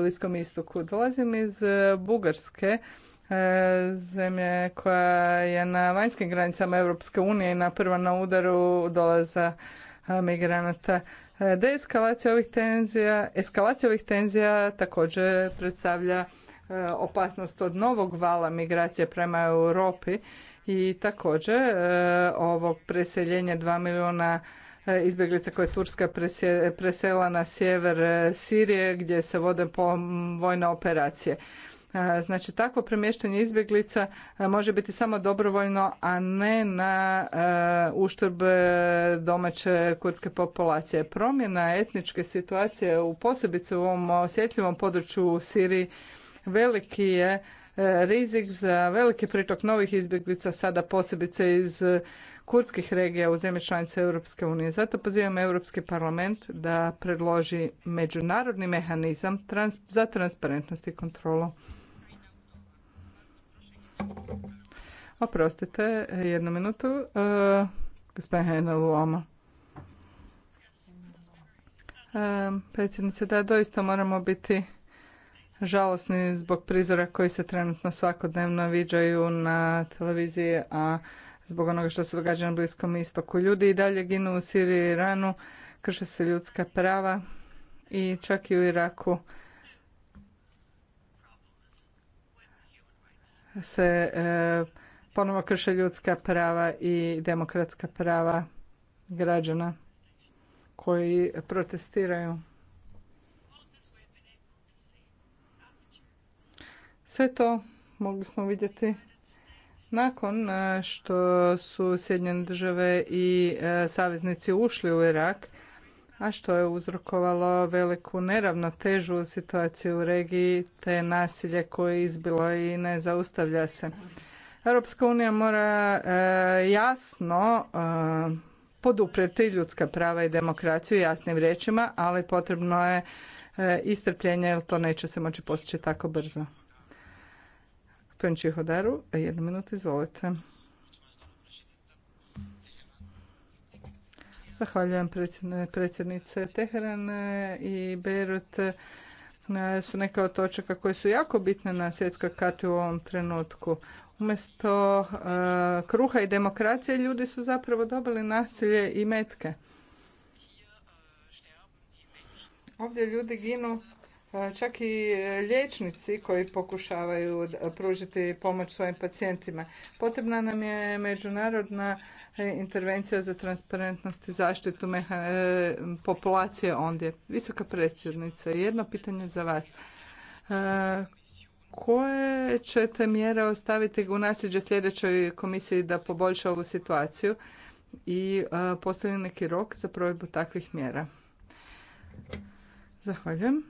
Bliskom istoku. Dolazim iz e, Bugarske, e, zemlje koja je na vanjskim granicama Europske unije i na prva na udaru dolaza e, migranata. Deeskalacija ovih tenzija, eskalacija ovih tenzija također predstavlja opasnost od novog vala migracije prema Europi i također ovog preseljenja 2 milijuna E, izbjeglica koje je Turska presela na sjever e, Sirije gdje se vode vojne operacije. E, znači takvo premještanje izbjeglica može biti samo dobrovoljno, a ne na uštrb domaće kurdske populacije. Promjena etničke situacije u posebice u ovom osjetljivom području u Siriji veliki je rizik za veliki pritok novih izbjeglica sada posebice iz kurdskih regija u zemlje članice Europske unije. Zato pozivam Europski parlament da predloži međunarodni mehanizam za transparentnost i kontrolu. Oprostite, jednu minutu. Uh, gospodin Hena Luoma. E, predsjednice, da, doista moramo biti žalosni zbog prizora koji se trenutno svakodnevno viđaju na televiziji, a zbog onoga što se događa na Bliskom istoku. Ljudi i dalje ginu u Siriji i Iranu, krše se ljudska prava i čak i u Iraku se e, ponovo krše ljudska prava i demokratska prava građana koji protestiraju. Sve to mogli smo vidjeti nakon e, što su Sjedinjene države i e, saveznici ušli u Irak, a što je uzrokovalo veliku neravnotežu situaciju u regiji te nasilje koje je izbilo i ne zaustavlja se. Europska unija mora e, jasno poduprijeti ljudska prava i demokraciju jasnim riječima, ali potrebno je istrpljenje jer to neće se moći postići tako brzo. Gospodin Čihodaru, jednu minutu, izvolite. Zahvaljujem predsjednice Teheran i Beirut e, su neke od točaka koje su jako bitne na svjetskoj karti u ovom trenutku. Umjesto e, kruha i demokracije ljudi su zapravo dobili nasilje i metke. Ovdje ljudi ginu E, čak i e, liječnici koji pokušavaju e, pružiti pomoć svojim pacijentima. Potrebna nam je međunarodna intervencija za transparentnost i zaštitu populacije ondje. Visoka predsjednica, jedno pitanje za vas. Koje ćete mjere ostaviti u nasljeđe sljedećoj komisiji da poboljša ovu situaciju i postoji neki rok za provedbu takvih mjera? Zahvaljujem.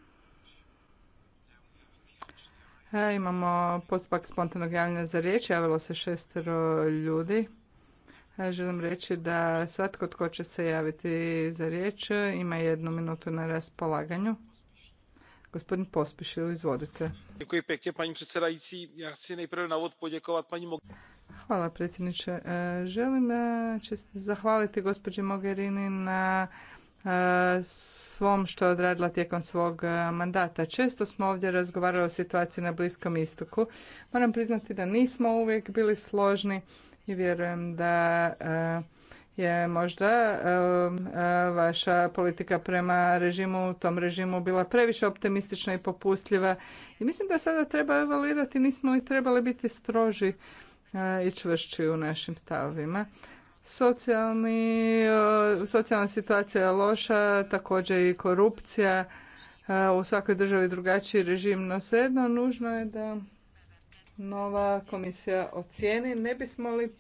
E, imamo postupak spontanog javljanja za riječ. Javilo se šestero ljudi. E, želim reći da svatko tko će se javiti za riječ ima jednu minutu na raspolaganju. Gospodin Pospišil, izvodite. Hvala predsjedniče. E, želim e, zahvaliti gospođi Mogherini na svom što je odradila tijekom svog mandata. Često smo ovdje razgovarali o situaciji na Bliskom istoku. Moram priznati da nismo uvijek bili složni i vjerujem da je možda vaša politika prema režimu, tom režimu bila previše optimistična i popustljiva i mislim da sada treba evaluirati nismo li trebali biti stroži i čvršći u našim stavovima. Socijalni, e, socijalna situacija je loša, također i korupcija, e, u svakoj državi drugačiji režim, no svejedno nužno je da nova komisija ocijeni. Ne bismo li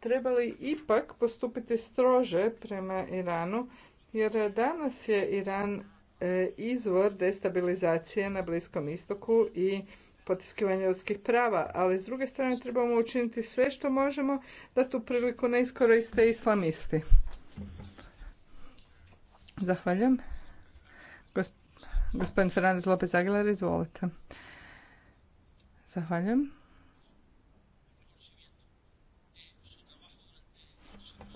trebali ipak postupiti strože prema Iranu, jer danas je Iran e, izvor destabilizacije na Bliskom istoku i potiskivanje ljudskih prava, ali s druge strane trebamo učiniti sve što možemo da tu priliku ne iskoriste islamisti. Zahvaljujem. Gospodin Fernandez Lopez Aguilar, izvolite. Zahvaljujem.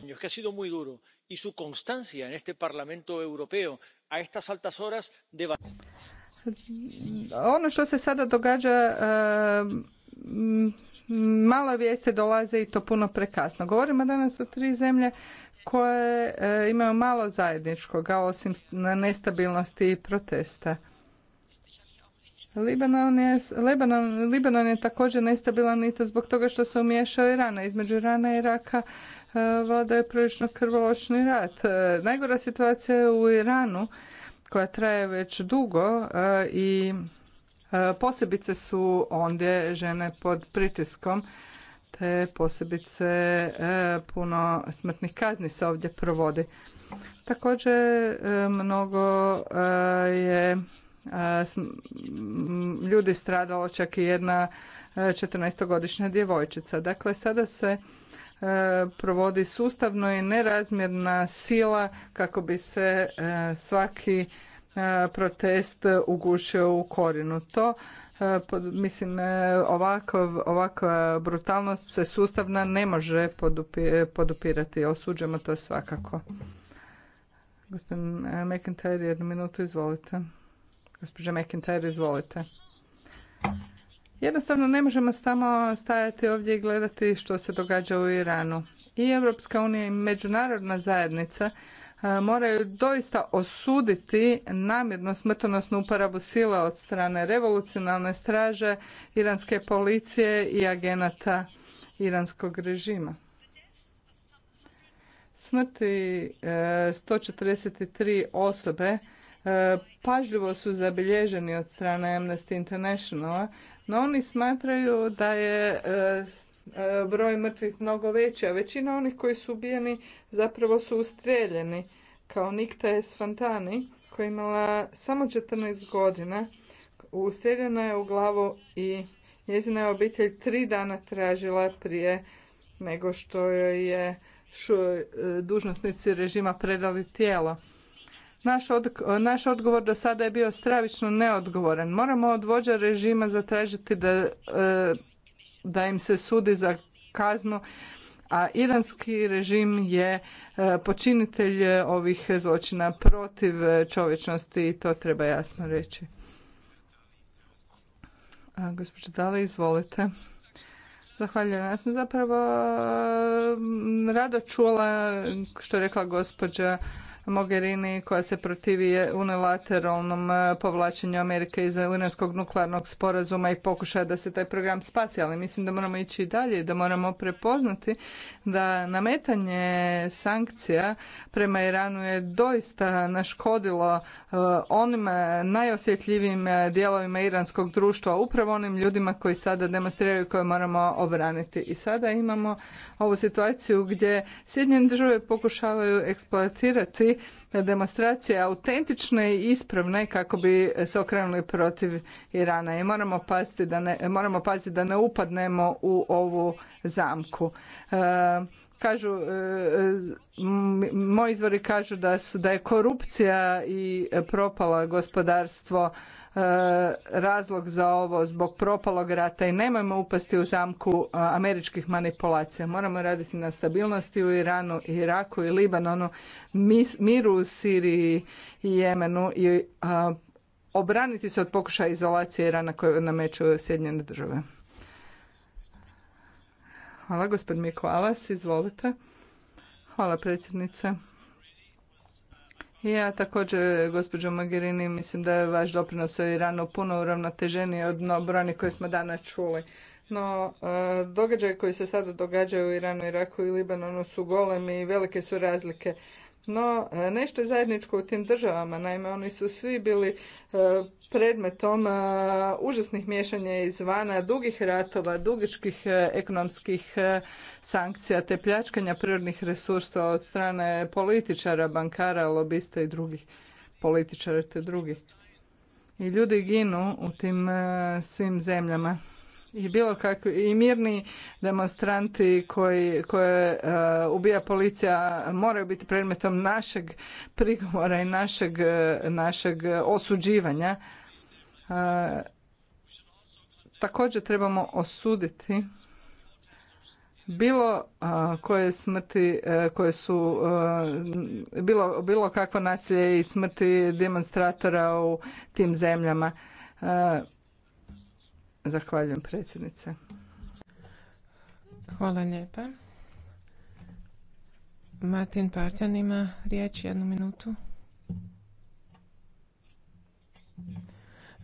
que ha sido muy duro y su constancia en este Parlamento Europeo a estas altas horas de ono što se sada događa eh, malo vijeste dolaze i to puno prekasno. Govorimo danas o tri zemlje koje eh, imaju malo zajedničkoga osim nestabilnosti i protesta. Libanon je, Libanon, je također nestabilan i to zbog toga što se umiješao Irana. Između Irana i Iraka eh, vlada je prilično krvoločni rat. Najgora situacija je u Iranu koja traje već dugo e, i e, posebice su ondje žene pod pritiskom te posebice e, puno smrtnih kazni se ovdje provodi. Također mnogo je ljudi stradalo, čak i jedna 14-godišnja djevojčica. Dakle, sada se E, provodi sustavno i nerazmjerna sila kako bi se e, svaki e, protest ugušio u korinu. To mislim ovakva brutalnost se sustavna ne može podupirati. Osuđujemo to svakako. Gospodin McIntyre, jednu minutu, izvolite. Gospođa McIntyre, izvolite. Jednostavno ne možemo samo stajati ovdje i gledati što se događa u Iranu. I Europska unija i međunarodna zajednica e, moraju doista osuditi namjerno smrtonosnu uporabu sila od strane revolucionalne straže, iranske policije i agenata iranskog režima. Smrti 143 e, osobe e, pažljivo su zabilježeni od strane Amnesty Internationala no oni smatraju da je e, e, broj mrtvih mnogo veći, a većina onih koji su ubijeni zapravo su ustrijeljeni. kao Nikta Esfantani koja je imala samo 14 godina. ustrijeljena je u glavu i njezina je obitelj tri dana tražila prije nego što joj je e, dužnosnici režima predali tijelo. Naš, odgovor do sada je bio stravično neodgovoran. Moramo od vođa režima zatražiti da, e, da im se sudi za kaznu, a iranski režim je e, počinitelj ovih zločina protiv čovječnosti i to treba jasno reći. izvolite. Zahvaljujem. Ja sam zapravo rado čula što je rekla gospođa Mogherini koja se protivi unilateralnom e, povlačenju Amerike iz Unijskog nuklearnog sporazuma i pokušaja da se taj program spasi, ali mislim da moramo ići dalje i da moramo prepoznati da nametanje sankcija prema Iranu je doista naškodilo e, onim e, najosjetljivijim dijelovima iranskog društva, upravo onim ljudima koji sada demonstriraju koje moramo obraniti. I sada imamo ovu situaciju gdje Sjedinjene države pokušavaju eksploatirati demonstracije autentične i ispravne kako bi se okrenuli protiv Irana i moramo paziti da ne, moramo paziti da ne upadnemo u ovu zamku. E, kažu e, moji izvori kažu da, da je korupcija i propalo gospodarstvo e, razlog za ovo zbog propalog rata i nemojmo upasti u zamku e, američkih manipulacija moramo raditi na stabilnosti u iranu iraku i libanonu miru u siriji i jemenu i obraniti se od pokušaja izolacije irana koje nameću sjedinjene države Hvala, gospod Miko izvolite. Hvala, predsjednice. Ja također, gospođo Magirini, mislim da je vaš doprinos o Iranu puno uravnoteženiji od brojnih koje smo danas čuli. No, e, događaje koji se sada događaju u Iranu, Iraku i Libanonu su golemi i velike su razlike. No, e, nešto je zajedničko u tim državama. Naime, oni su svi bili e, predmetom e, užasnih miješanja izvana, dugih ratova, dugičkih e, ekonomskih e, sankcija te pljačkanja prirodnih resursa od strane političara, bankara, lobista i drugih političara te drugih. I ljudi ginu u tim svim zemljama i bilo kako i mirni demonstranti koji koje ubija policija moraju biti predmetom našeg prigovora i našeg, našeg osuđivanja E, također trebamo osuditi bilo e, koje smrti e, koje su bilo, bilo kakvo nasilje i smrti demonstratora u tim zemljama. Zahvaljujem predsjednice. Hvala lijepa. Martin Partjan ima riječ jednu minutu.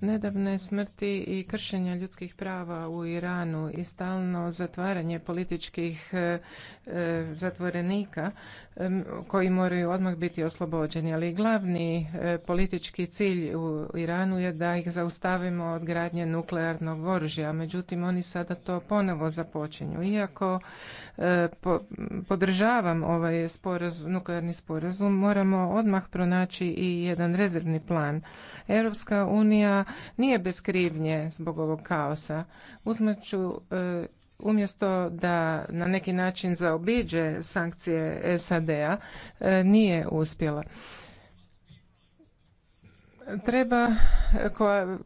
Nedavne smrti i kršenja ljudskih prava u Iranu i stalno zatvaranje političkih e, e, zatvorenika koji moraju odmah biti oslobođeni, ali glavni e, politički cilj u Iranu je da ih zaustavimo od gradnje nuklearnog oružja. Međutim, oni sada to ponovo započinju. Iako podržavam ovaj nuklearni sporazum, moramo odmah pronaći i jedan rezervni plan Europska unija nije bez krivnje zbog ovog kaosa. Uzmeću ću e, umjesto da na neki način zaobiđe sankcije SAD-a e, nije uspjela. Treba,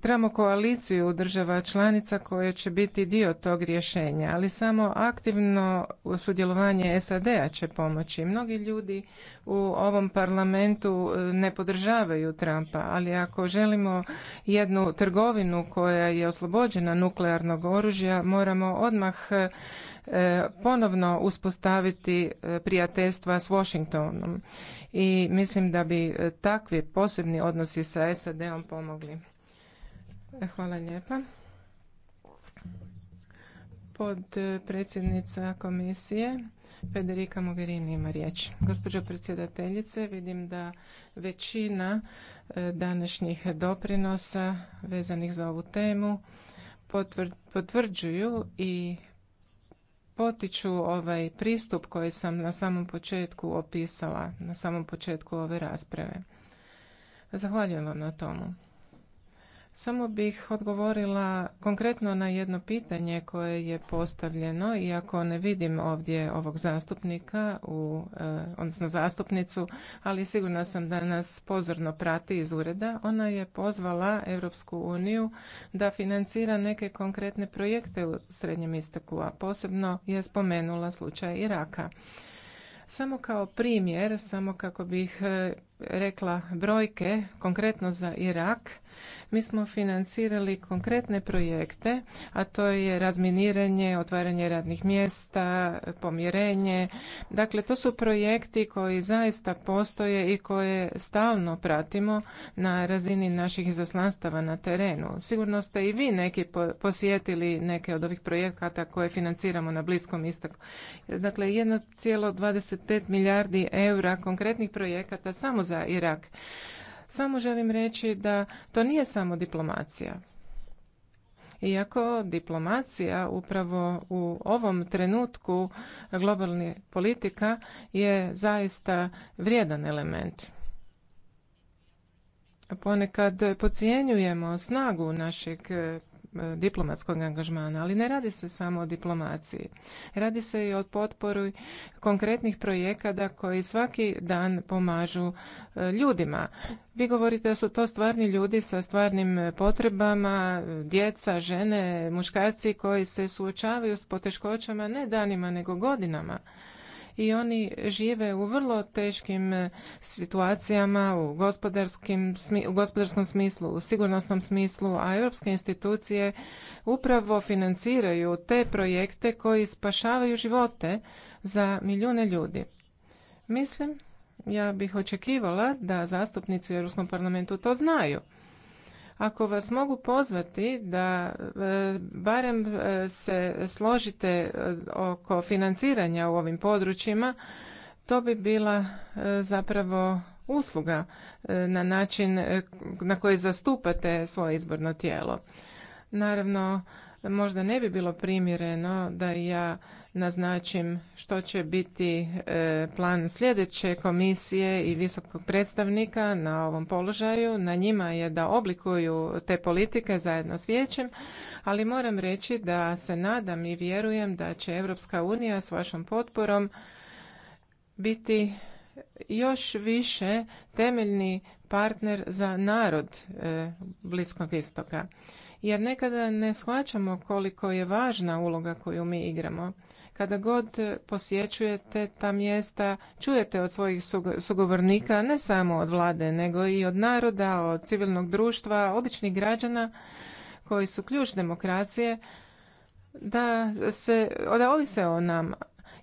trebamo koaliciju država članica koje će biti dio tog rješenja, ali samo aktivno sudjelovanje SAD-a će pomoći. Mnogi ljudi u ovom parlamentu e, ne podržavaju Trumpa, ali ako želimo jednu trgovinu koja je oslobođena nuklearnog oružja, moramo odmah e, ponovno uspostaviti e, prijateljstva s Washingtonom. I mislim da bi takvi posebni odnosi sa SAD-om pomogli. Hvala lijepa. predsjednica komisije Federica Mogherini ima riječ. Gospođo predsjedateljice, vidim da većina e, današnjih doprinosa vezanih za ovu temu potvrđuju i potiču ovaj pristup koji sam na samom početku opisala, na samom početku ove rasprave. Zahvaljujem vam na tomu. Samo bih odgovorila konkretno na jedno pitanje koje je postavljeno, iako ne vidim ovdje ovog zastupnika, u, e, odnosno zastupnicu, ali sigurna sam da nas pozorno prati iz ureda. Ona je pozvala Europsku uniju da financira neke konkretne projekte u Srednjem istoku, a posebno je spomenula slučaj Iraka. Samo kao primjer, samo kako bih e, rekla brojke konkretno za Irak. Mi smo financirali konkretne projekte, a to je razminiranje, otvaranje radnih mjesta, pomjerenje. Dakle, to su projekti koji zaista postoje i koje stalno pratimo na razini naših izaslanstava na terenu. Sigurno ste i vi neki posjetili neke od ovih projekata koje financiramo na Bliskom istoku. Dakle, 1,25 milijardi eura konkretnih projekata samo za Irak. Samo želim reći da to nije samo diplomacija. Iako diplomacija upravo u ovom trenutku globalnih politika je zaista vrijedan element. Ponekad pocijenjujemo snagu našeg E, diplomatskog angažmana, ali ne radi se samo o diplomaciji. Radi se i o potporu konkretnih projekata koji svaki dan pomažu e, ljudima. Vi govorite da su to stvarni ljudi sa stvarnim potrebama, djeca, žene, muškarci koji se suočavaju s poteškoćama ne danima nego godinama i oni žive u vrlo teškim e, situacijama u gospodarskim, u gospodarskom smislu, u sigurnosnom smislu, a europske institucije upravo financiraju te projekte koji spašavaju živote za milijune ljudi. Mislim, ja bih očekivala da zastupnici u Europskom parlamentu to znaju ako vas mogu pozvati da e, barem e, se složite e, oko financiranja u ovim područjima, to bi bila zapravo usluga na način na koji zastupate svoje izborno tijelo. Naravno, možda ne bi bilo primjereno da ja naznačim što će biti e, plan sljedeće komisije i visokog predstavnika na ovom položaju. Na njima je da oblikuju te politike zajedno s vijećem, ali moram reći da se nadam i vjerujem da će Europska unija s vašom potporom biti još više temeljni partner za narod e, Bliskog istoka jer nekada ne shvaćamo koliko je važna uloga koju mi igramo. Kada god posjećujete ta mjesta, čujete od svojih sugovornika, ne samo od vlade, nego i od naroda, od civilnog društva, običnih građana koji su ključ demokracije, da, se, da ovise o nama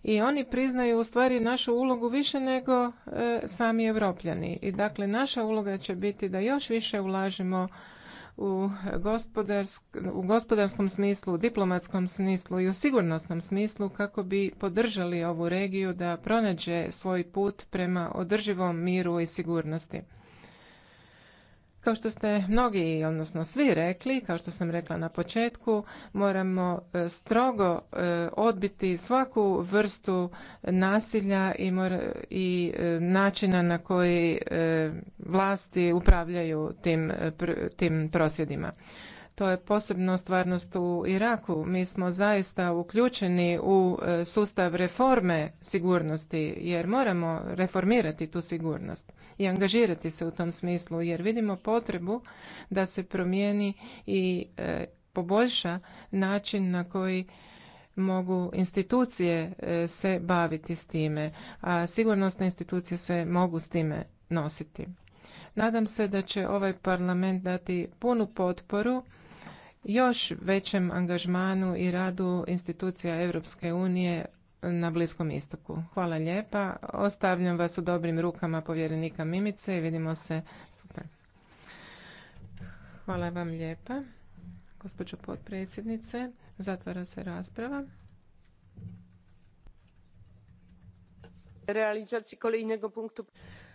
i oni priznaju u stvari našu ulogu više nego e, sami evropljani i dakle naša uloga će biti da još više ulažemo u, u gospodarskom smislu, diplomatskom smislu i u sigurnosnom smislu kako bi podržali ovu regiju da pronađe svoj put prema održivom miru i sigurnosti. Kao što ste mnogi, odnosno svi rekli, kao što sam rekla na početku, moramo e, strogo e, odbiti svaku vrstu nasilja i e, načina na koji vlasti upravljaju tim prosvjedima. To je posebno stvarnost u Iraku. Mi smo zaista uključeni u e, sustav reforme sigurnosti jer moramo reformirati tu sigurnost i angažirati se u tom smislu jer vidimo potrebu da se promijeni i e, poboljša način na koji mogu institucije e, se baviti s time, a sigurnosne institucije se mogu s time nositi. Nadam se da će ovaj parlament dati punu potporu još većem angažmanu i radu institucija Europske unije na Bliskom istoku. Hvala lijepa. Ostavljam vas u dobrim rukama povjerenika Mimice i vidimo se super. Hvala vam lijepa, gospođo potpredsjednice. Zatvara se rasprava. Realizaciji kolejnego punktu.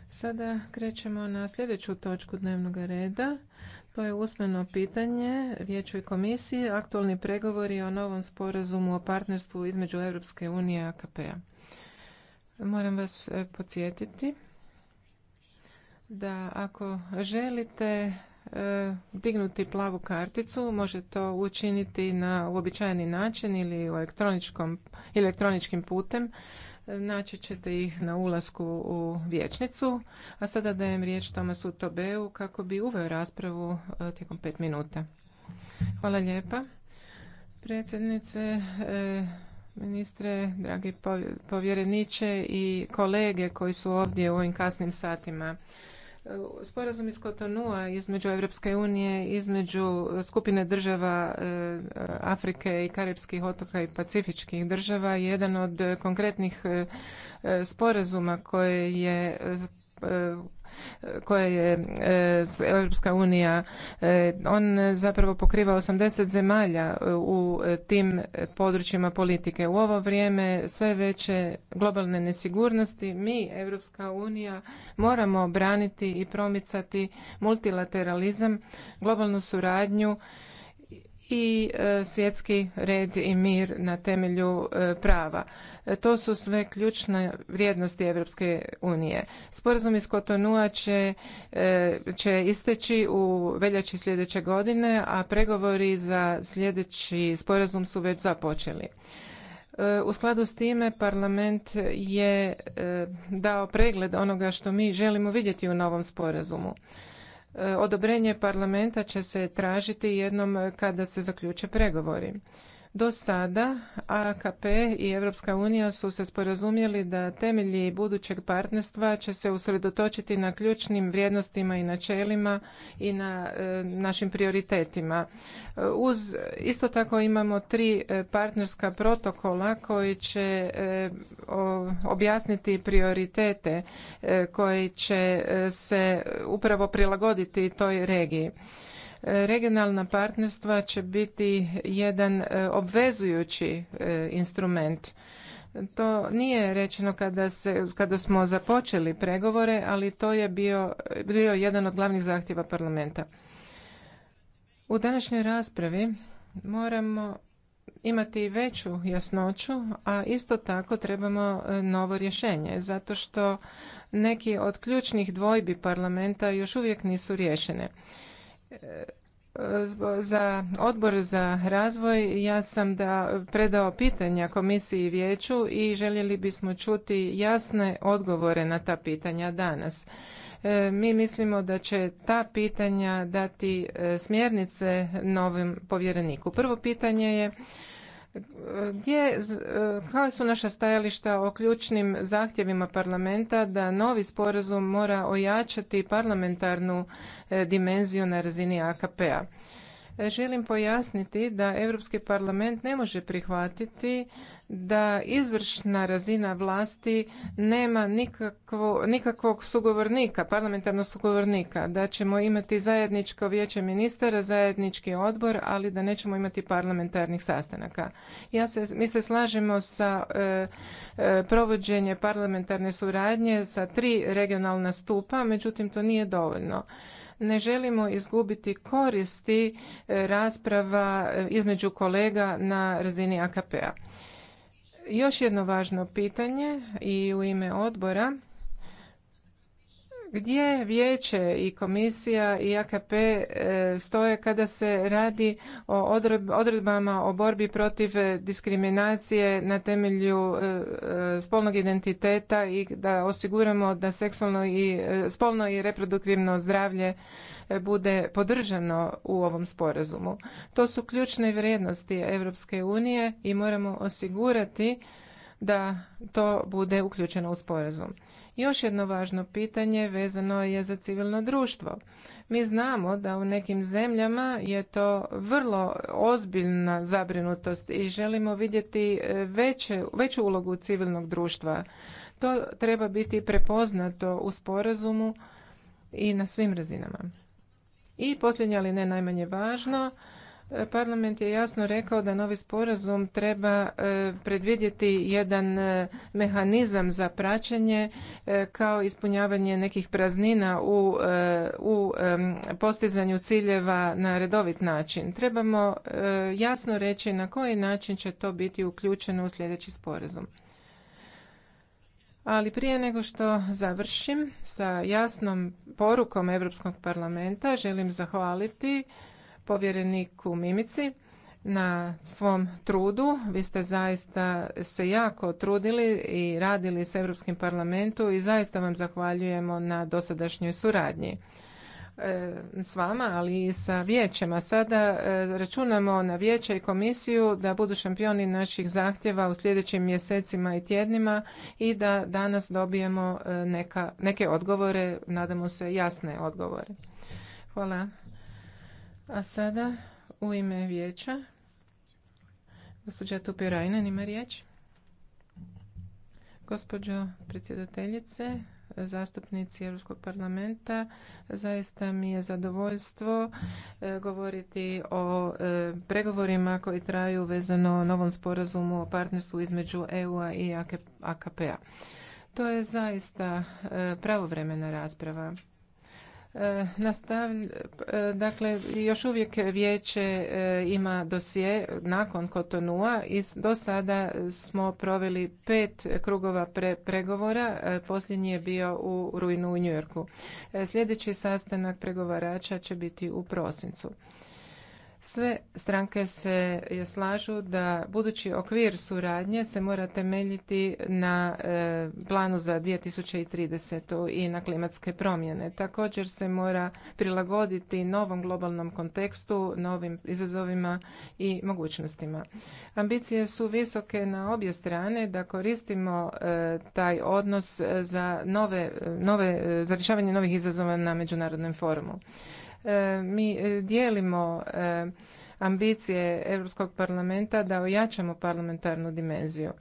Sada krećemo na sljedeću točku dnevnog reda. To je usmeno pitanje Vijeću i komisiji, aktualni pregovori o novom sporazumu o partnerstvu između Europske unije i AKP-a. Moram vas e, podsjetiti da ako želite e, dignuti plavu karticu, može to učiniti na uobičajeni način ili elektroničkom, elektroničkim putem Naći ćete ih na ulasku u vječnicu. A sada dajem riječ Tomasu Tobeu kako bi uveo raspravu e, tijekom pet minuta. Hvala lijepa. Predsjednice, e, ministre, dragi povjereniče i kolege koji su ovdje u ovim kasnim satima. E, sporazum iz Kotonua između Evropske unije, između skupine država e, Afrike i Karibskih otoka i Pacifičkih država je jedan od konkretnih e, sporazuma koje je koje je e, Europska unija, e, on zapravo pokriva 80 zemalja e, u tim područjima politike. U ovo vrijeme sve veće globalne nesigurnosti mi, Europska unija, moramo braniti i promicati multilateralizam, globalnu suradnju i e, svjetski red i mir na temelju e, prava. E, to su sve ključne vrijednosti Europske unije. Sporazum iz Kotonua će, će isteći u veljači sljedeće godine, a pregovori za sljedeći sporazum su već započeli. U skladu s time parlament je dao pregled onoga što mi želimo vidjeti u novom sporazumu odobrenje parlamenta će se tražiti jednom kada se zaključe pregovori. Do sada AKP i Europska unija su se sporazumjeli da temelji budućeg partnerstva će se usredotočiti na ključnim vrijednostima i načelima i na e, našim prioritetima. Uz isto tako imamo tri e, partnerska protokola koji će e, objasniti prioritete koji će se upravo prilagoditi toj regiji. Regionalna partnerstva će biti jedan e, obvezujući e, instrument. To nije rečeno kada, se, kada smo započeli pregovore, ali to je bio, bio jedan od glavnih zahtjeva parlamenta. U današnjoj raspravi moramo imati veću jasnoću, a isto tako trebamo e, novo rješenje, zato što neki od ključnih dvojbi parlamenta još uvijek nisu riješene za odbor za razvoj ja sam da predao pitanja komisiji i vijeću i željeli bismo čuti jasne odgovore na ta pitanja danas. E, mi mislimo da će ta pitanja dati e, smjernice novim povjereniku. Prvo pitanje je gdje, e, kao su naša stajališta o ključnim zahtjevima parlamenta da novi sporazum mora ojačati parlamentarnu e, dimenziju na razini AKP-a? E, želim pojasniti da Europski parlament ne može prihvatiti da izvršna razina vlasti nema nikakvo, nikakvog sugovornika, parlamentarnog sugovornika, da ćemo imati zajedničko vijeće ministara, zajednički odbor, ali da nećemo imati parlamentarnih sastanaka. Ja se, mi se slažemo sa e, e provođenje parlamentarne suradnje sa tri regionalna stupa, međutim to nije dovoljno ne želimo izgubiti koristi e, rasprava e, između kolega na razini AKP-a. Još jedno važno pitanje i u ime odbora gdje vijeće i komisija i AKP e, stoje kada se radi o odredbama o borbi protiv diskriminacije na temelju e, e, spolnog identiteta i da osiguramo da seksualno i spolno i reproduktivno zdravlje bude podržano u ovom sporazumu. To su ključne vrijednosti Europske unije i moramo osigurati da to bude uključeno u sporazum. Još jedno važno pitanje vezano je za civilno društvo. Mi znamo da u nekim zemljama je to vrlo ozbiljna zabrinutost i želimo vidjeti e, veće, veću ulogu civilnog društva. To treba biti prepoznato u sporazumu i na svim razinama. I posljednje, ali ne najmanje važno, Parlament je jasno rekao da novi sporazum treba e, predvidjeti jedan e, mehanizam za praćenje e, kao ispunjavanje nekih praznina u, u postizanju ciljeva na redovit način. Trebamo jasno reći na koji način će to biti uključeno u sljedeći sporazum. Ali prije nego što završim sa jasnom porukom Europskog parlamenta želim zahvaliti povjereniku Mimici na svom trudu. Vi ste zaista se jako trudili i radili s Europskim parlamentu i zaista vam zahvaljujemo na dosadašnjoj suradnji e, s vama, ali i sa vijećem. A sada e, računamo na vijeće i komisiju da budu šampioni naših zahtjeva u sljedećim mjesecima i tjednima i da danas dobijemo e, neka, neke odgovore, nadamo se jasne odgovore. Hvala a sada u ime vijeća gospođa Tupirajnen ima riječ. Gospođo predsjedateljice, zastupnici Europskog parlamenta. Zaista mi je zadovoljstvo e, govoriti o e, pregovorima koji traju vezano o novom sporazumu o partnerstvu između EU-a i AKP-a. To je zaista e, pravovremena rasprava E, Nastavlj, e, dakle, još uvijek vijeće e, ima dosije nakon Kotonua i do sada smo proveli pet krugova pregovora. Posljednji je bio u rujnu u Njujorku. Sljedeći sastanak pregovarača će biti u prosincu. Sve stranke se slažu da budući okvir suradnje se mora temeljiti na e, planu za 2030. i na klimatske promjene. Također se mora prilagoditi novom globalnom kontekstu, novim izazovima i mogućnostima. Ambicije su visoke na obje strane da koristimo e, taj odnos za nove, nove za rješavanje novih izazova na međunarodnom forumu. E, mi e, dijelimo e, ambicije Europskog parlamenta da ojačamo parlamentarnu dimenziju.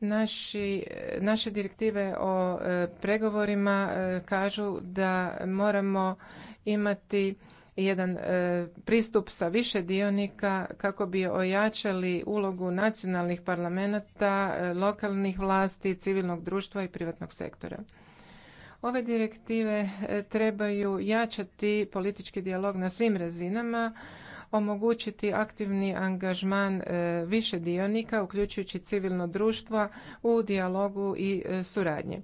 Naši, naše direktive o pregovorima kažu da moramo imati jedan pristup sa više dionika kako bi ojačali ulogu nacionalnih parlamenata, lokalnih vlasti, civilnog društva i privatnog sektora. Ove direktive e, trebaju jačati politički dijalog na svim razinama, omogućiti aktivni angažman e, više dionika, uključujući civilno društvo u dijalogu i e, suradnji.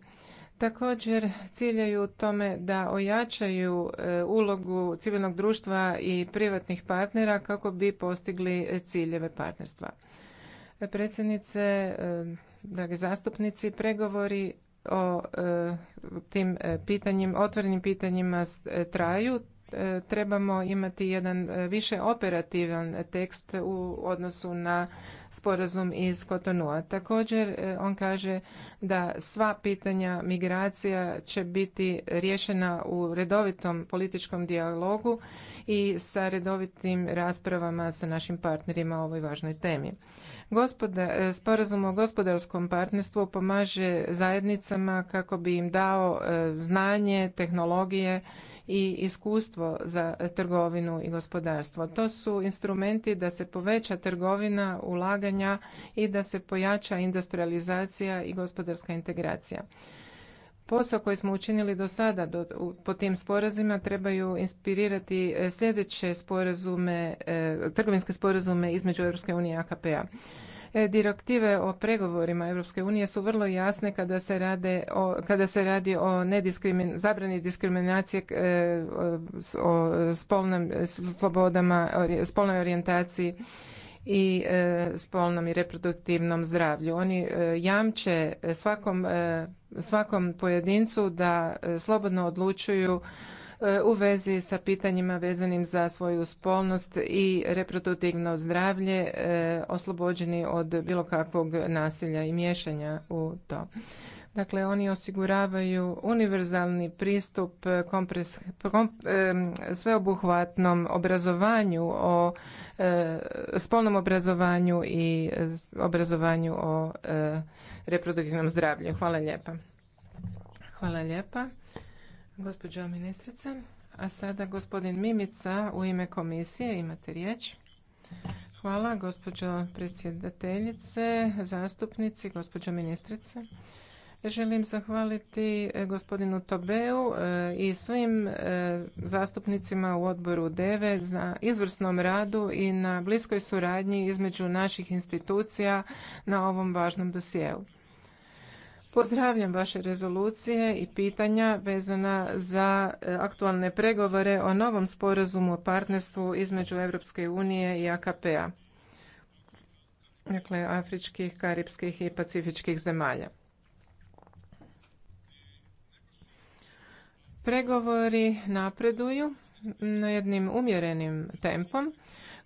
Također ciljaju tome da ojačaju ulogu civilnog društva i privatnih partnera kako bi postigli ciljeve partnerstva. Predsjednice, dragi zastupnici, pregovori o e, tim e, pitanjima, otvorenim pitanjima e, traju, trebamo imati jedan više operativan tekst u odnosu na sporazum iz Kotonua. Također on kaže da sva pitanja migracija će biti riješena u redovitom političkom dijalogu i sa redovitim raspravama sa našim partnerima o ovoj važnoj temi. E, sporazum o gospodarskom partnerstvu pomaže zajednicama kako bi im dao e, znanje, tehnologije i iskustvo za trgovinu i gospodarstvo. To su instrumenti da se poveća trgovina, ulaganja i da se pojača industrializacija i gospodarska integracija. Posao koji smo učinili do sada do, po tim sporazima trebaju inspirirati e, sljedeće sporazume, e, trgovinske sporazume između Europske unije i AKP-a. E, direktive o pregovorima Europske unije su vrlo jasne kada se, o, kada se radi o nediskrimin, zabrani diskriminacije o spolnim slobodama, spolnoj orijentaciji i e, spolnom i reproduktivnom zdravlju. Oni e, jamče svakom, e, svakom pojedincu da slobodno odlučuju u vezi sa pitanjima vezanim za svoju spolnost i reproduktivno zdravlje oslobođeni od bilo kakvog nasilja i miješanja u to. Dakle, oni osiguravaju univerzalni pristup e, kompres, e, sveobuhvatnom obrazovanju o e, spolnom obrazovanju i obrazovanju o reproduktivnom zdravlju. Hvala lijepa. Hvala lijepa. Gospođo ministrice, a sada gospodin Mimica u ime komisije imate riječ. Hvala gospođo predsjedateljice, zastupnici, gospođo ministrice. Želim zahvaliti e, gospodinu Tobeu e, i svim e, zastupnicima u odboru DEVE na izvrsnom radu i na bliskoj suradnji između naših institucija na ovom važnom dosjeu. Pozdravljam vaše rezolucije i pitanja vezana za aktualne pregovore o novom sporazumu o partnerstvu između Europske unije i AKP-a, dakle afričkih, karipskih i pacifičkih zemalja. Pregovori napreduju na jednim umjerenim tempom.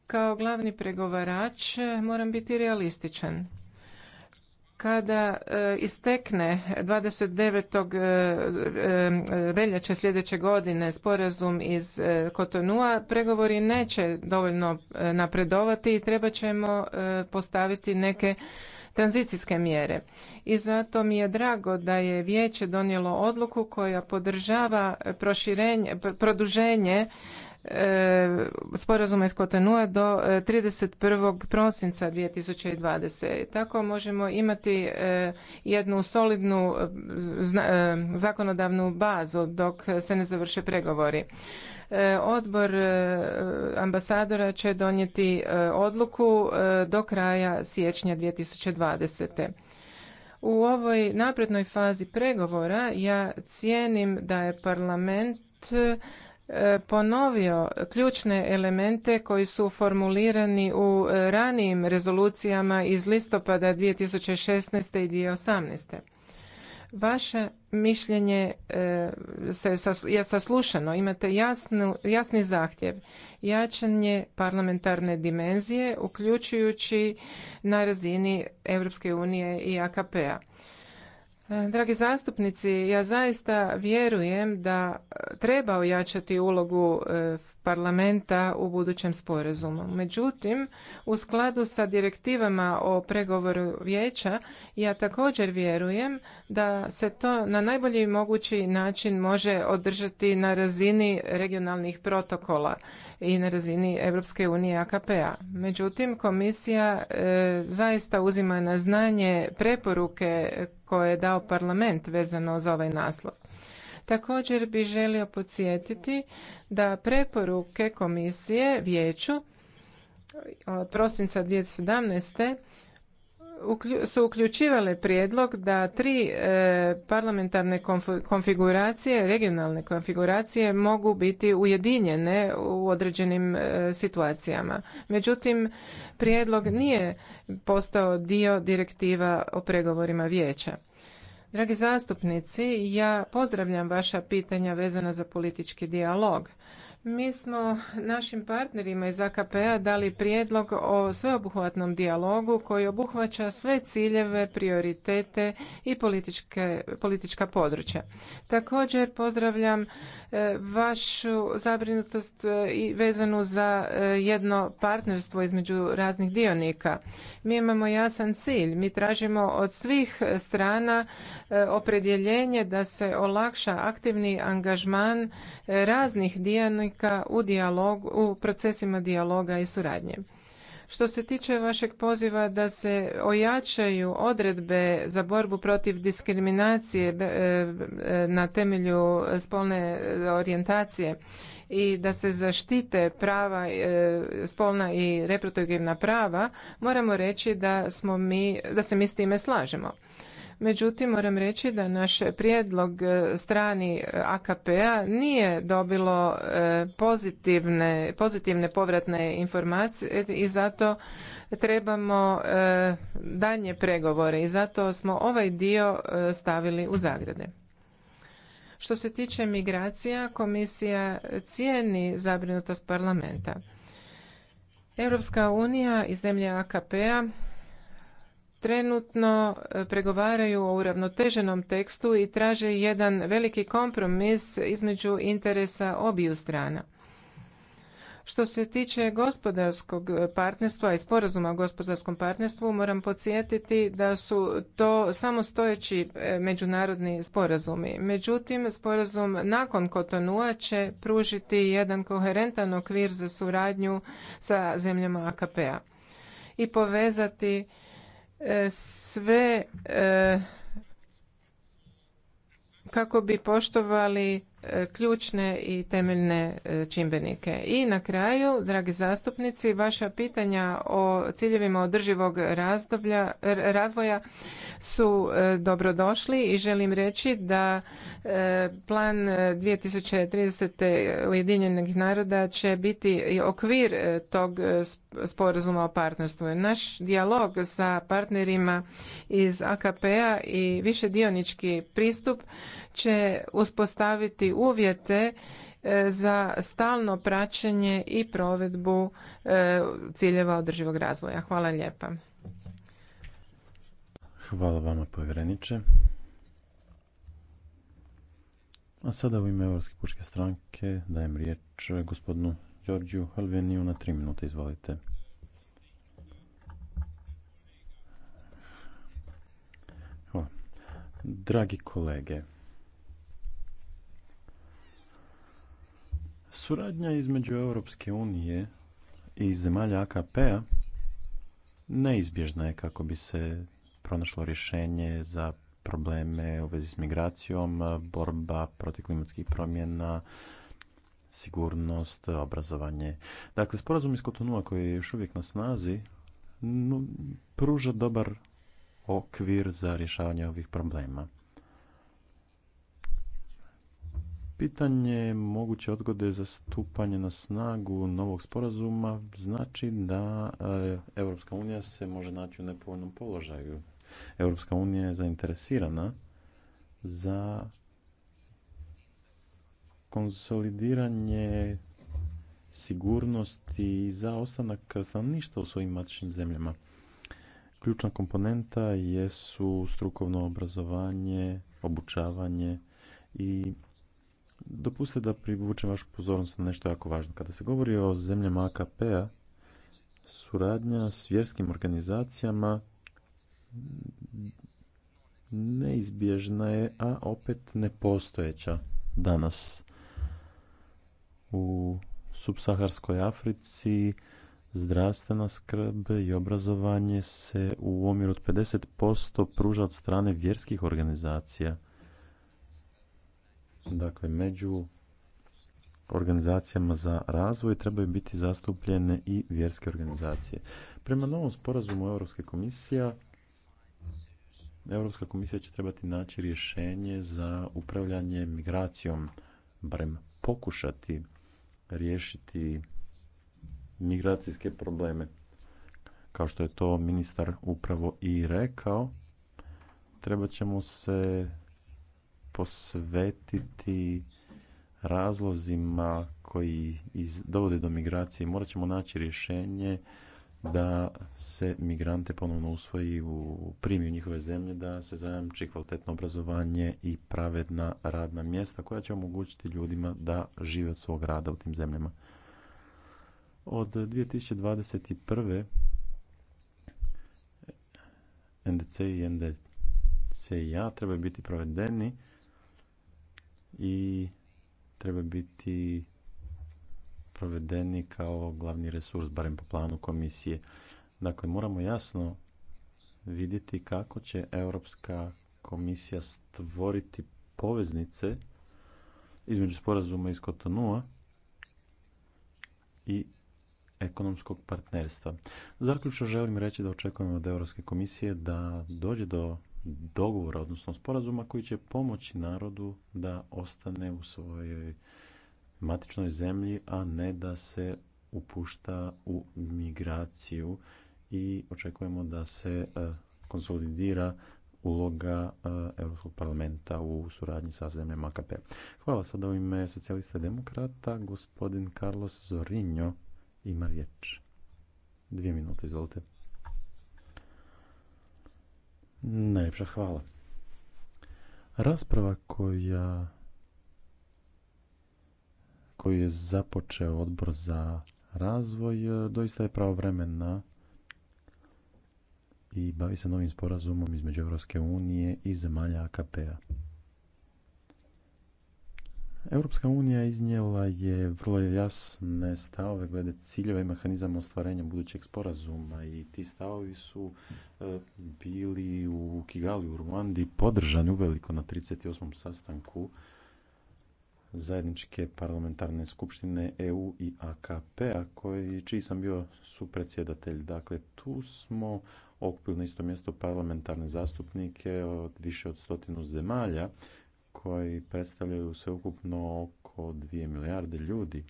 Kao glavni pregovarač moram biti realističan. Kada e, istekne 29. E, e, veljače sljedeće godine sporazum iz Kotonua, pregovori neće dovoljno napredovati i treba ćemo postaviti neke tranzicijske mjere. I zato mi je drago da je vijeće donijelo odluku koja podržava proširenje, produženje E, sporazuma iz Kotonua do 31. E, prosinca 2020. Tako možemo imati e, jednu solidnu zakonodavnu bazu dok se ne završe pregovori. Odbor ambasadora će donijeti odluku do kraja siječnja 2020. U ovoj naprednoj fazi pregovora ja cijenim da je parlament ponovio ključne elemente koji su formulirani u ranijim rezolucijama iz listopada 2016. i 2018. Vaše mišljenje e, se je saslušano, imate jasnu, jasni zahtjev, jačanje parlamentarne dimenzije, uključujući na razini Europske unije i AKP-a. E, dragi zastupnici, ja zaista vjerujem da treba ojačati ulogu e, parlamenta u budućem sporazumu. Međutim, u skladu sa direktivama o pregovoru vijeća, ja također vjerujem da se to na najbolji mogući način može održati na razini regionalnih protokola i na razini Europske unije AKP-a. Međutim, komisija e, zaista uzima na znanje preporuke koje je dao parlament vezano za ovaj naslov. Također bih želio podsjetiti da preporuke komisije vijeću od prosinca 2017 su uključivale prijedlog da tri e, parlamentarne konfiguracije, regionalne konfiguracije mogu biti ujedinjene u određenim e, situacijama. Međutim, prijedlog nije postao dio direktiva o pregovorima vijeća. Dragi zastupnici, ja pozdravljam vaša pitanja vezana za politički dijalog. Mi smo našim partnerima iz AKP-a dali prijedlog o sveobuhvatnom dijalogu koji obuhvaća sve ciljeve, prioritete i političke, politička područja. Također pozdravljam e, vašu zabrinutost e, i vezanu za e, jedno partnerstvo između raznih dionika. Mi imamo jasan cilj. Mi tražimo od svih strana opredjeljenje da se olakša aktivni angažman raznih dionika u, u procesima dijaloga i suradnje. Što se tiče vašeg poziva da se ojačaju odredbe za borbu protiv diskriminacije e, na temelju spolne orijentacije i da se zaštite prava, e, spolna i reproduktivna prava, moramo reći da, smo mi, da se mi s time slažemo. Međutim, moram reći da naš prijedlog e, strani e, AKP-a nije dobilo e, pozitivne, pozitivne povratne informacije i zato trebamo danje pregovore i zato smo ovaj dio stavili u zagrade. Što se tiče migracija, komisija cijeni zabrinutost parlamenta. Europska unija i zemlje AKP-a trenutno e, pregovaraju o uravnoteženom tekstu i traže jedan veliki kompromis između interesa obiju strana. Što se tiče gospodarskog partnerstva i sporazuma o gospodarskom partnerstvu, moram podsjetiti da su to samo stojeći e, međunarodni sporazumi. Međutim, sporazum nakon Kotonua će pružiti jedan koherentan okvir za suradnju sa zemljama AKP-a i povezati E, sve e, kako bi poštovali ključne i temeljne e, čimbenike. I na kraju, dragi zastupnici, vaša pitanja o ciljevima održivog razdoblja, razvoja su e, dobrodošli i želim reći da e, plan 2030. Ujedinjenih naroda će biti okvir tog sporazuma o partnerstvu. Naš dijalog sa partnerima iz AKP-a i više dionički pristup će uspostaviti uvjete e, za stalno praćenje i provedbu e, ciljeva održivog razvoja. Hvala lijepa. Hvala vama povjereniče. A sada u ime Europske pučke stranke dajem riječ gospodinu Đorđiju Halveniju na tri minute. Izvolite. Dragi kolege, Suradnja između Europske unije i zemalja AKP-a neizbježna je kako bi se pronašlo rješenje za probleme u vezi s migracijom, borba protiv klimatskih promjena, sigurnost, obrazovanje. Dakle, sporazum iz Kotonua koji je još uvijek na snazi pruža dobar okvir za rješavanje ovih problema. Pitanje moguće odgode za stupanje na snagu novog sporazuma znači da e, Europska unija se može naći u nepovoljnom položaju. Europska unija je zainteresirana za konsolidiranje sigurnosti i za ostanak stanovništva u svojim matičnim zemljama. Ključna komponenta jesu strukovno obrazovanje, obučavanje i Dopustite da privučem vašu pozornost na nešto jako važno. Kada se govori o zemljama AKP-a, suradnja s vjerskim organizacijama neizbježna je, a opet nepostojeća danas. U subsaharskoj Africi zdravstvena skrb i obrazovanje se u omjeru od 50% pruža od strane vjerskih organizacija – dakle među organizacijama za razvoj trebaju biti zastupljene i vjerske organizacije. Prema novom sporazumu Europske komisija Europska komisija će trebati naći rješenje za upravljanje migracijom, barem pokušati riješiti migracijske probleme. Kao što je to ministar upravo i rekao, treba ćemo se posvetiti razlozima koji iz, dovode do migracije. Morat ćemo naći rješenje da se migrante ponovno usvoji u primju njihove zemlje, da se zajamči kvalitetno obrazovanje i pravedna radna mjesta koja će omogućiti ljudima da žive od svog rada u tim zemljama. Od 2021. NDC i ja trebaju biti provedeni i treba biti provedeni kao glavni resurs, barem po planu komisije. Dakle, moramo jasno vidjeti kako će Europska komisija stvoriti poveznice između sporazuma iz Kotonua i ekonomskog partnerstva. Zaključno želim reći da očekujemo od Europske komisije da dođe do dogovora, odnosno sporazuma koji će pomoći narodu da ostane u svojoj matičnoj zemlji, a ne da se upušta u migraciju i očekujemo da se e, konsolidira uloga e, Europskog parlamenta u suradnji sa zemljama AKP. Hvala sada u ime socijalista demokrata, gospodin Carlos Zorinjo ima riječ. Dvije minute, izvolite. Najljepša hvala. Rasprava koja koju je započeo odbor za razvoj doista je pravovremena i bavi se novim sporazumom između EU unije i zemalja AKP-a. Europska unija iznijela je vrlo jasne stavove glede ciljeva i mehanizama ostvarenja budućeg sporazuma i ti stavovi su e, bili u Kigali u Ruandi podržani uveliko na 38. sastanku zajedničke parlamentarne skupštine EU i AKP-a čiji sam bio supredsjedatelj. Dakle, tu smo okupili na isto mjesto parlamentarne zastupnike od više od stotinu zemalja koji predstavljaju ukupno oko 2 milijarde ljudi.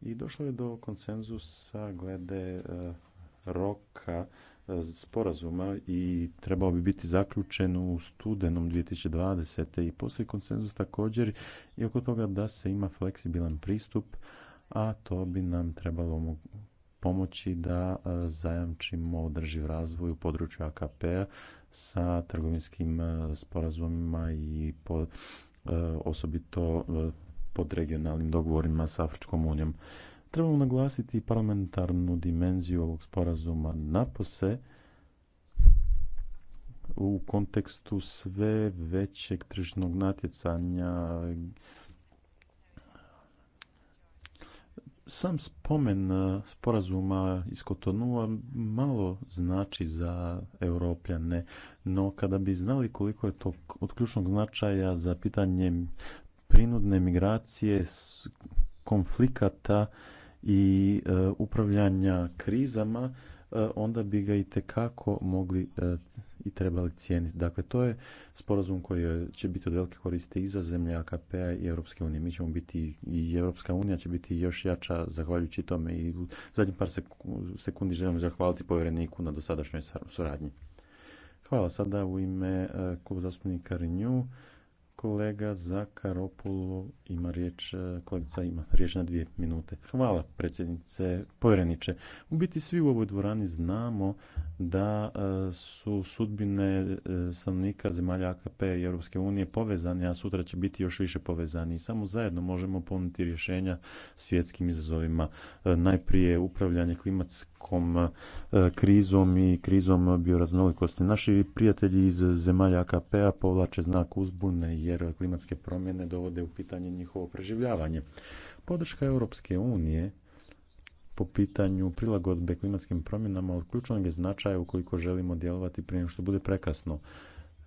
I došlo je do konsenzusa glede e, roka e, sporazuma i trebao bi biti zaključen u studenom 2020. i postoji konsenzus također i oko toga da se ima fleksibilan pristup, a to bi nam trebalo pomoći da e, zajamčimo održiv razvoj u području AKP-a sa trgovinskim e, sporazumima i po, e, osobito pod regionalnim dogovorima sa Afričkom unijom. Trebamo naglasiti parlamentarnu dimenziju ovog sporazuma napose u kontekstu sve većeg tržišnog natjecanja sam spomen e, sporazuma iz Kotonua malo znači za europljane, no kada bi znali koliko je to od ključnog značaja za pitanje prinudne migracije, konflikata i e, upravljanja krizama, E, onda bi ga i tekako mogli e, i trebali cijeniti. Dakle, to je sporazum koji će biti od velike koriste i za zemlje AKP-a i Europske unije. Mi ćemo biti i Europska unija će biti još jača zahvaljujući tome i u zadnjih par sekundi želim zahvaliti povjereniku na dosadašnjoj suradnji. Hvala sada u ime e, klubu zastupnika Renew Kolega Zakaropulo ima riječ, e, kolegica ima riječ na dvije minute. Hvala predsjednice, povjereniče. U biti svi u ovoj dvorani znamo da e, su sudbine e, stanovnika zemalja AKP i Europske unije povezani, a sutra će biti još više povezani. Samo zajedno možemo ponuditi rješenja svjetskim izazovima. Najprije upravljanje klimatskim kom e, krizom i krizom bioraznolikosti. Naši prijatelji iz zemalja AKP-a povlače znak uzbune jer klimatske promjene dovode u pitanje njihovo preživljavanje. Podrška Europske unije po pitanju prilagodbe klimatskim promjenama od ključnog je značaja ukoliko želimo djelovati prije što bude prekasno.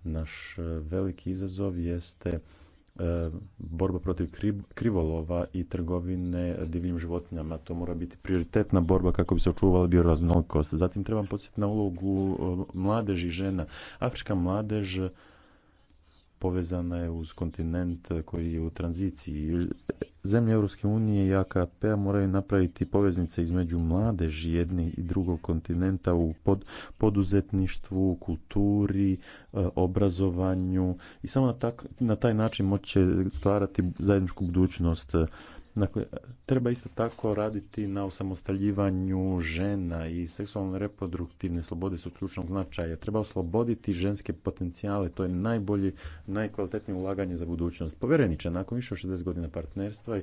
Naš e, veliki izazov jeste E, borba protiv krivolova i trgovine divljim životinjama. To mora biti prioritetna borba kako bi se očuvala bioraznolikost. Zatim trebam podsjetiti na ulogu e, mladeži žena. Afrička mladež povezana je uz kontinent koji je u tranziciji. Zemlje Europske unije i akp p-a moraju napraviti poveznice između mladeži jednih i drugog kontinenta u poduzetništvu, kulturi, e, obrazovanju i samo na, na taj način moće stvarati zajedničku budućnost Dakle, treba isto tako raditi na osamostaljivanju žena i seksualne reproduktivne slobode su ključnog značaja. Treba osloboditi ženske potencijale, to je najbolji, najkvalitetnije ulaganje za budućnost. povereniče nakon više od 60 godina partnerstva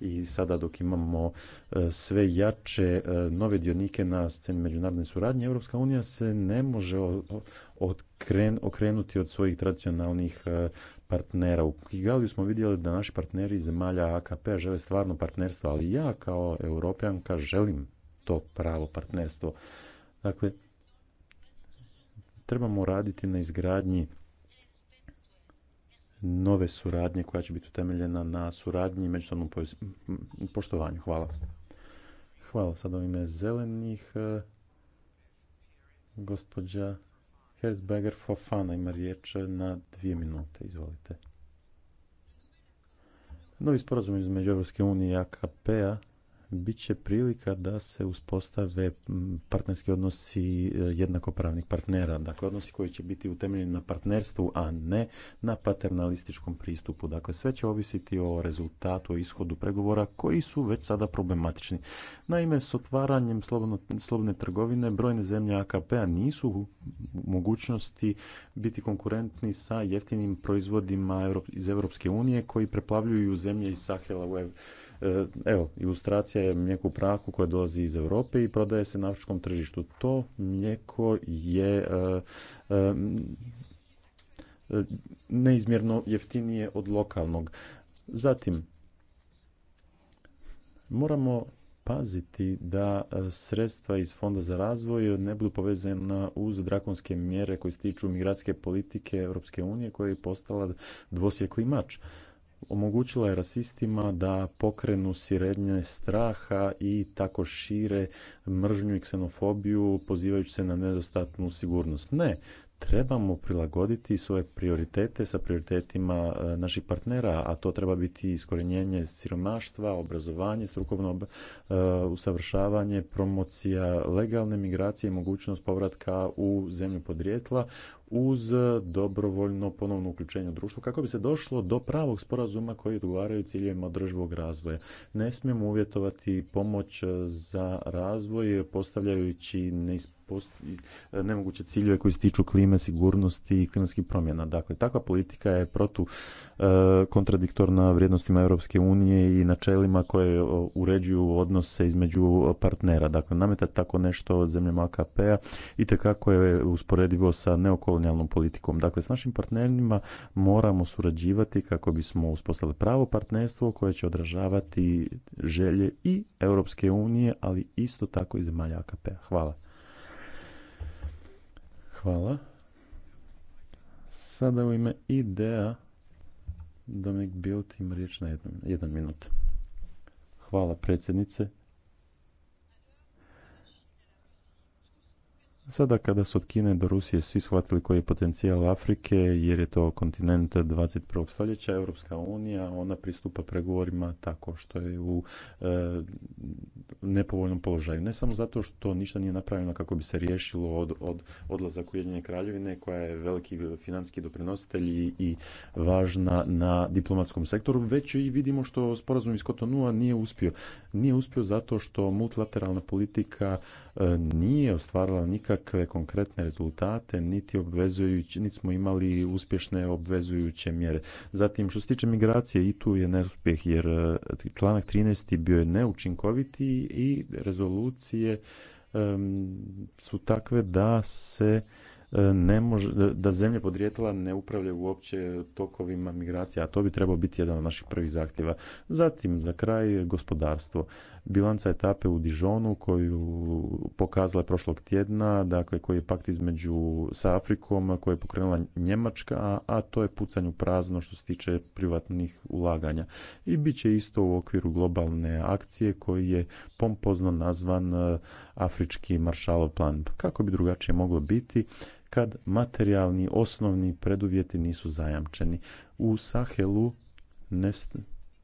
i sada dok imamo e, sve jače e, nove dionike na sceni međunarodne suradnje, Europska unija se ne može okrenuti od svojih tradicionalnih e, partnera. U Kigaliju smo vidjeli da naši partneri iz zemalja AKP žele stvarno partnerstvo, ali ja kao europijanka želim to pravo partnerstvo. Dakle, trebamo raditi na izgradnji nove suradnje koja će biti utemeljena na suradnji i međusobnom poštovanju. Hvala. Hvala. Sada u ime zelenih eh, gospođa Herzberger Fofana ima riječ na dvije minute. Izvolite. Novi sporazum između Europske unije i AKP-a bit će prilika da se uspostave partnerski odnosi e, jednakopravnih partnera. Dakle, odnosi koji će biti utemeljeni na partnerstvu, a ne na paternalističkom pristupu. Dakle, sve će ovisiti o rezultatu, o ishodu pregovora koji su već sada problematični. Naime, s otvaranjem slobodno, slobodne trgovine brojne zemlje AKP-a nisu u mogućnosti biti konkurentni sa jeftinim proizvodima iz Europske unije koji preplavljuju zemlje iz Sahela u E, evo, ilustracija je mlijeko u prahu koje dolazi iz Europe i prodaje se na afričkom tržištu. To mlijeko je e, e, neizmjerno jeftinije od lokalnog. Zatim, moramo paziti da sredstva iz Fonda za razvoj ne budu povezana uz drakonske mjere koje se tiču migracijske politike Europske unije koja je postala dvosjekli mač omogućila je rasistima da pokrenu sirednje straha i tako šire mržnju i ksenofobiju pozivajući se na nedostatnu sigurnost. Ne, trebamo prilagoditi svoje prioritete sa prioritetima e, naših partnera, a to treba biti iskorjenjenje siromaštva, obrazovanje, strukovno e, usavršavanje, promocija legalne migracije i mogućnost povratka u zemlju podrijetla uz e, dobrovoljno ponovno uključenje u društvo kako bi se došlo do pravog sporazuma koji odgovaraju ciljevima održivog razvoja. Ne smijemo uvjetovati pomoć e, za razvoj postavljajući e, nemoguće ciljeve koji se tiču klime, sigurnosti i klimatskih promjena. Dakle, takva politika je protu E, kontradiktorna vrijednostima Europske unije i načelima koje e, uređuju odnose između partnera. Dakle, nametati tako nešto od zemljama AKP-a i kako je usporedivo sa neokolonijalnom politikom. Dakle, s našim partnerima moramo surađivati kako bismo uspostavili pravo partnerstvo koje će odražavati želje i Europske unije, ali isto tako i zemalja AKP-a. Hvala. Hvala. Sada u ime ideja. Dominik Bilt ima riječ na jednu, jedan minut. Hvala predsjednice. Sada kada su od Kine do Rusije svi shvatili koji je potencijal Afrike, jer je to kontinent 21. stoljeća, Europska unija, ona pristupa pregovorima tako što je u e, nepovoljnom položaju. Ne samo zato što ništa nije napravljeno kako bi se riješilo od, od odlazak Ujedinjene kraljevine, koja je veliki financijski doprinositelj i, važna na diplomatskom sektoru, već i vidimo što sporazum iz Kotonua nije uspio. Nije uspio zato što multilateralna politika e, nije ostvarila nikak nikakve konkretne rezultate, niti, obvezujući, niti smo imali uspješne obvezujuće mjere. Zatim, što se tiče migracije, i tu je neuspjeh, jer e, članak 13. bio je neučinkoviti i rezolucije su takve da se E, ne može, e, da zemlje podrijetla ne upravlja uopće tokovima migracija, a to bi trebao biti jedan od naših prvih zahtjeva. Zatim, za kraj, gospodarstvo. Bilanca etape u Dižonu koju pokazala je prošlog tjedna, dakle koji je pakt između sa Afrikom koji je pokrenula Njemačka, a, to je pucanju prazno što se tiče privatnih ulaganja. I bit će isto u okviru globalne akcije koji je pompozno nazvan e, Afrički maršalov plan. Kako bi drugačije moglo biti? kad materijalni osnovni preduvjeti nisu zajamčeni. U Sahelu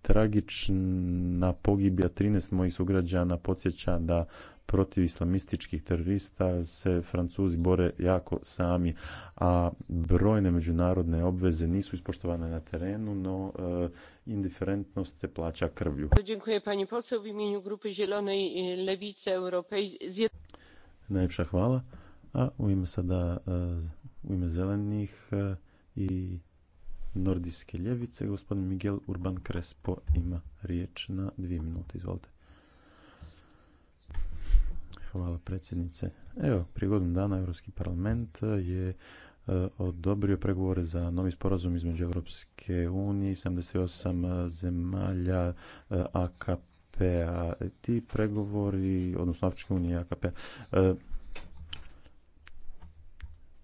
tragična pogibija 13 mojih sugrađana podsjeća da protiv islamističkih terorista se Francuzi bore jako sami, a brojne međunarodne obveze nisu ispoštovane na terenu, no e, indiferentnost se plaća krvlju. hvala. A u ime sada, e, u ime zelenih e, i nordijske ljevice, gospodin Miguel Urban Crespo ima riječ na dvije minute. Izvolite. Hvala predsjednice. Evo, prije godinu dana Europski parlament je e, odobrio pregovore za novi sporazum između Europske unije i 78 zemalja AKP-a. Ti pregovori, odnosno Afričke unije i akp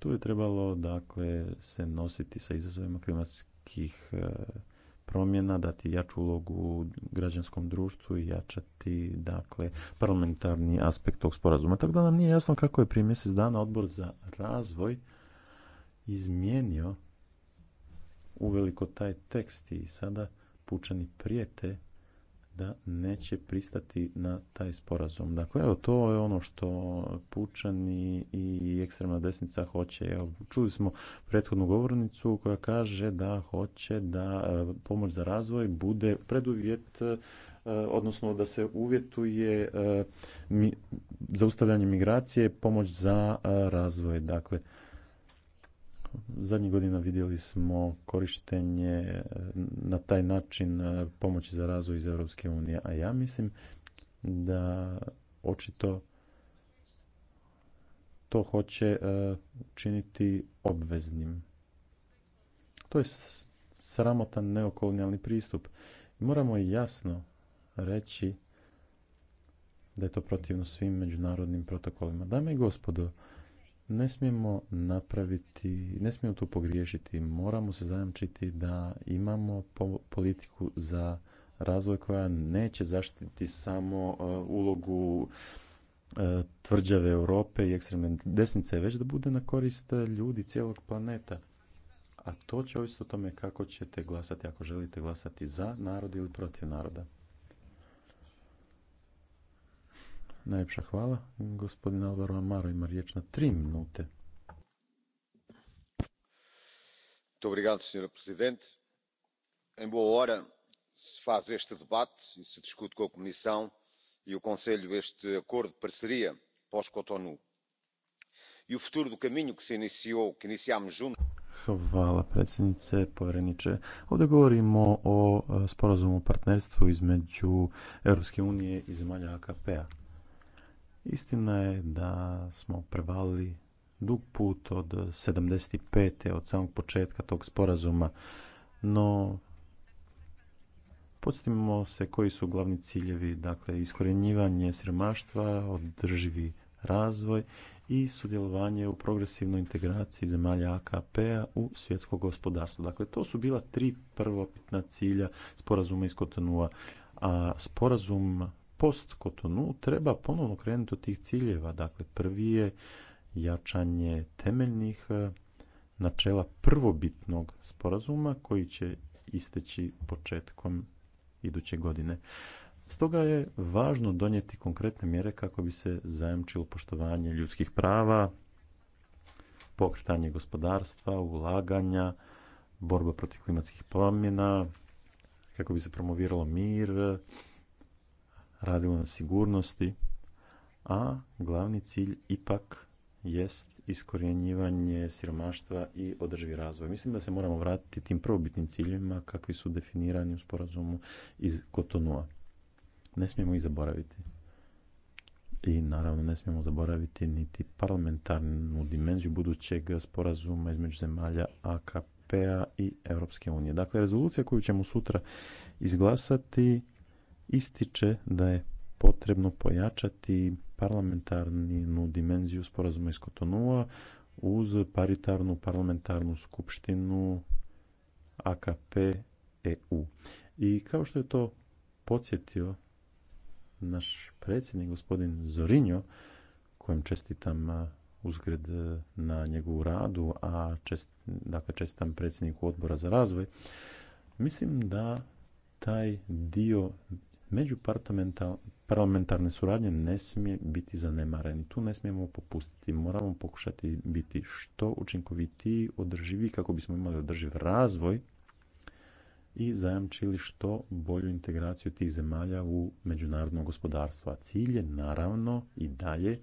tu je trebalo dakle se nositi sa izazovima klimatskih e, promjena, dati jaču ulogu građanskom društvu i jačati dakle parlamentarni aspekt tog sporazuma. Tako da nam nije jasno kako je prije mjesec dana odbor za razvoj izmijenio uveliko taj tekst i sada pučani prijete da neće pristati na taj sporazum. Dakle, evo, to je ono što pučani i ekstremna desnica hoće. Evo, čuli smo prethodnu govornicu koja kaže da hoće da e, pomoć za razvoj bude preduvjet e, odnosno da se uvjetuje e, zaustavljanje migracije pomoć za razvoj. Dakle, Zadnjih godina vidjeli smo korištenje e, na taj način e, pomoći za razvoj iz Europske unije, a ja mislim da očito to hoće e, učiniti obveznim. To je sramotan neokolonijalni pristup. Moramo jasno reći da je to protivno svim međunarodnim protokolima. Dame i gospodo, ne smijemo napraviti, ne smijemo tu pogriješiti. Moramo se zajamčiti da imamo politiku za razvoj koja neće zaštititi samo e, ulogu e, tvrđave Europe i ekstremne desnice, već da bude na korist ljudi cijelog planeta. A to će ovisiti o tome kako ćete glasati, ako želite glasati za narod ili protiv naroda. Najljepša hvala. Gospodin Alvaro Amaro ima riječ na tri minute. Obrigado, senjora Presidente. Em boa hora se faz este debate e se discute com a Comissão e o Conselho este acordo de parceria pós-Cotonou. E o futuro do caminho que se iniciou, que iniciámos juntos. Hvala predsjednice, povjereniče. Ovdje govorimo o sporazumu o partnerstvu između Europske unije i zemalja AKP-a. Istina je da smo prevalili dug put od 75. od samog početka tog sporazuma, no podsjetimo se koji su glavni ciljevi, dakle iskorjenjivanje siromaštva, održivi razvoj i sudjelovanje u progresivnoj integraciji zemalja AKP-a u svjetsko gospodarstvo. Dakle, to su bila tri prvopitna cilja sporazuma iz Kotonua, a sporazum post Kotonu treba ponovno krenuti od tih ciljeva. Dakle, prvi je jačanje temeljnih e, načela prvobitnog sporazuma koji će isteći početkom iduće godine. Stoga je važno donijeti konkretne mjere kako bi se zajamčilo poštovanje ljudskih prava, pokretanje gospodarstva, ulaganja, borba protiv klimatskih promjena, kako bi se promoviralo mir, radilo na sigurnosti a glavni cilj ipak jest iskorjenjivanje siromaštva i održivi razvoj. Mislim da se moramo vratiti tim prvobitnim ciljevima kakvi su definirani u sporazumu iz Kotonua. Ne smijemo ih zaboraviti. I naravno ne smijemo zaboraviti niti parlamentarnu dimenziju budućeg sporazuma između zemalja AKP-a i Europske unije. Dakle, rezolucija koju ćemo sutra izglasati ističe da je potrebno pojačati parlamentarnu dimenziju sporazuma iz Kotonua uz paritarnu parlamentarnu skupštinu akp eu i kao što je to podsjetio naš predsjednik gospodin zorinjo kojem čestitam uzgred e, na njegovu radu a čest, dakle čestitam predsjedniku odbora za razvoj mislim da taj dio međuparlamentarne suradnje ne smije biti zanemareni. Tu ne smijemo popustiti. Moramo pokušati biti što učinkovitiji, održivi kako bismo imali održiv razvoj i zajamčili što bolju integraciju tih zemalja u međunarodno gospodarstvo. A cilj je naravno i dalje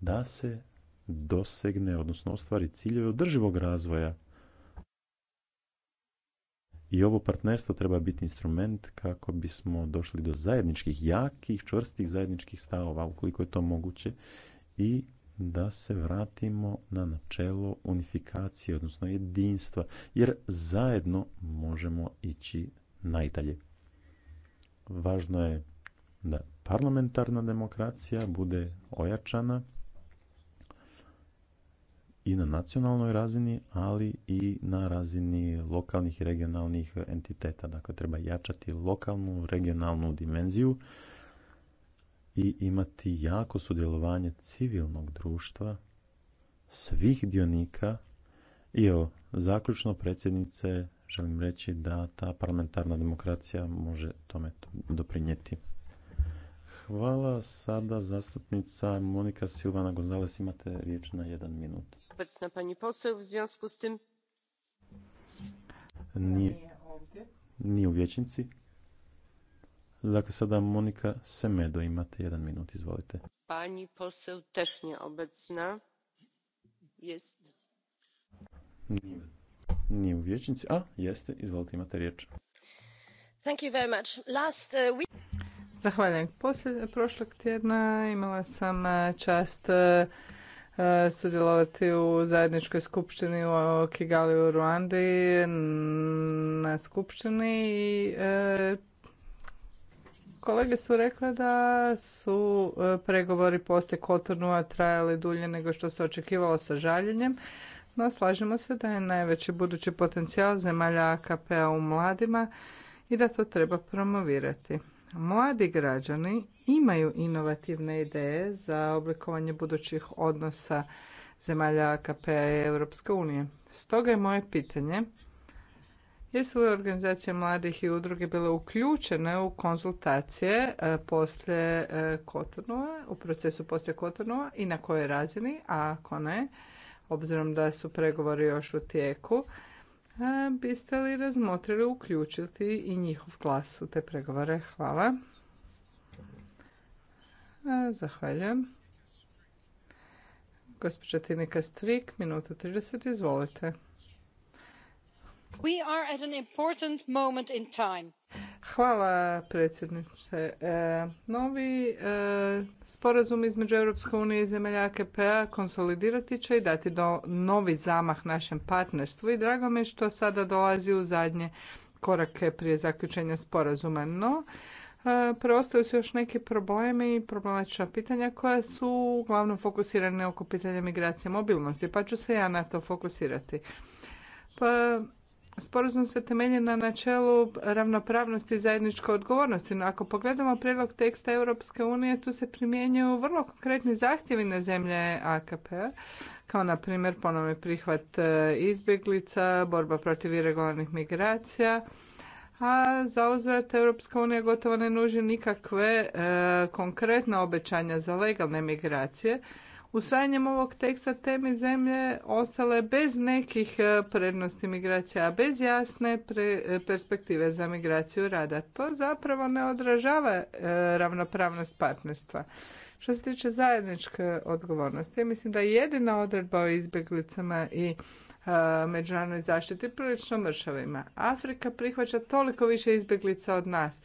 da se dosegne, odnosno ostvari ciljeve održivog razvoja i ovo partnerstvo treba biti instrument kako bismo došli do zajedničkih jakih čvrstih zajedničkih stavova ukoliko je to moguće i da se vratimo na načelo unifikacije odnosno jedinstva jer zajedno možemo ići najdalje važno je da parlamentarna demokracija bude ojačana i na nacionalnoj razini, ali i na razini lokalnih i regionalnih entiteta. Dakle, treba jačati lokalnu, regionalnu dimenziju i imati jako sudjelovanje civilnog društva, svih dionika. I evo, zaključno predsjednice, želim reći da ta parlamentarna demokracija može tome doprinijeti. Hvala. Sada zastupnica Monika Silvana Gonzales, imate riječ na jedan minut obecna pani poseł w związku z tym nie nie u vijećnici dakle sada monika semedo imate jedan minut izvolite pani poseł też nieobecna jest nie u a jeste izvolite imate riječ Thank you very much. Last, uh, week... Zahvaljujem. Poslije, prošlog tjedna imala sam e, čast e, E, sudjelovati u zajedničkoj skupštini u Kigali u Ruandi na skupštini i e, kolege su rekle da su e, pregovori poslije Kotonua trajali dulje nego što se očekivalo sa žaljenjem, no slažemo se da je najveći budući potencijal zemalja AKP-a u mladima i da to treba promovirati mladi građani imaju inovativne ideje za oblikovanje budućih odnosa zemalja AKP i Europske unije. Stoga je moje pitanje Jesu li organizacije mladih i udruge bile uključene u konzultacije e, poslije e, Kotonova, u procesu poslije Kotonova i na kojoj razini, a ako ne, obzirom da su pregovori još u tijeku, biste li razmotrili uključiti i njihov glas u te pregovore? Hvala. Zahvaljujem. Gospođa Tinika Strik, 30, izvolite. We are at an important moment in time. Hvala predsjedniče. E, novi e, sporazum između Europske unije i zemalja AKP-a konsolidirati će i dati do novi zamah našem partnerstvu i drago mi je što sada dolazi u zadnje korake prije zaključenja sporazuma. No, e, preostaju su još neki problemi i problematična pitanja koja su uglavnom fokusirane oko pitanja migracije mobilnosti, pa ću se ja na to fokusirati. Pa, Sporazum se temelji na načelu ravnopravnosti i zajedničke odgovornosti, no ako pogledamo prijedlog teksta Europske unije, tu se primjenjuju vrlo konkretni zahtjevi na zemlje AKP, p-a, kao na primjer ponovni prihvat e, izbjeglica, borba protiv iregularnih migracija, a za uzvrat Europska unija gotovo ne nuži nikakve e, konkretna obećanja za legalne migracije, usvajanjem ovog teksta temi zemlje ostale bez nekih e, prednosti migracija, a bez jasne e, perspektive za migraciju rada. To zapravo ne odražava e, ravnopravnost partnerstva. Što se tiče zajedničke odgovornosti, mislim da je jedina odredba o izbjeglicama i međunarodnoj zaštiti prilično mršavima. Afrika prihvaća toliko više izbjeglica od nas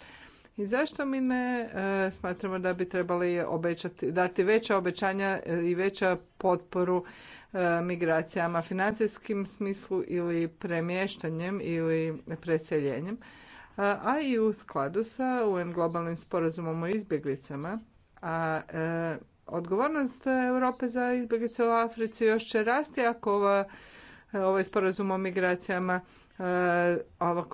i zašto mi ne e, smatramo da bi trebali obećati, dati veća obećanja i veća potporu e, migracijama financijskim smislu ili premještanjem ili preseljenjem, a, i u skladu sa UN globalnim sporazumom o izbjeglicama, a e, odgovornost Europe za izbjeglice u Africi još će rasti ako e, ovaj sporazum o migracijama Eh,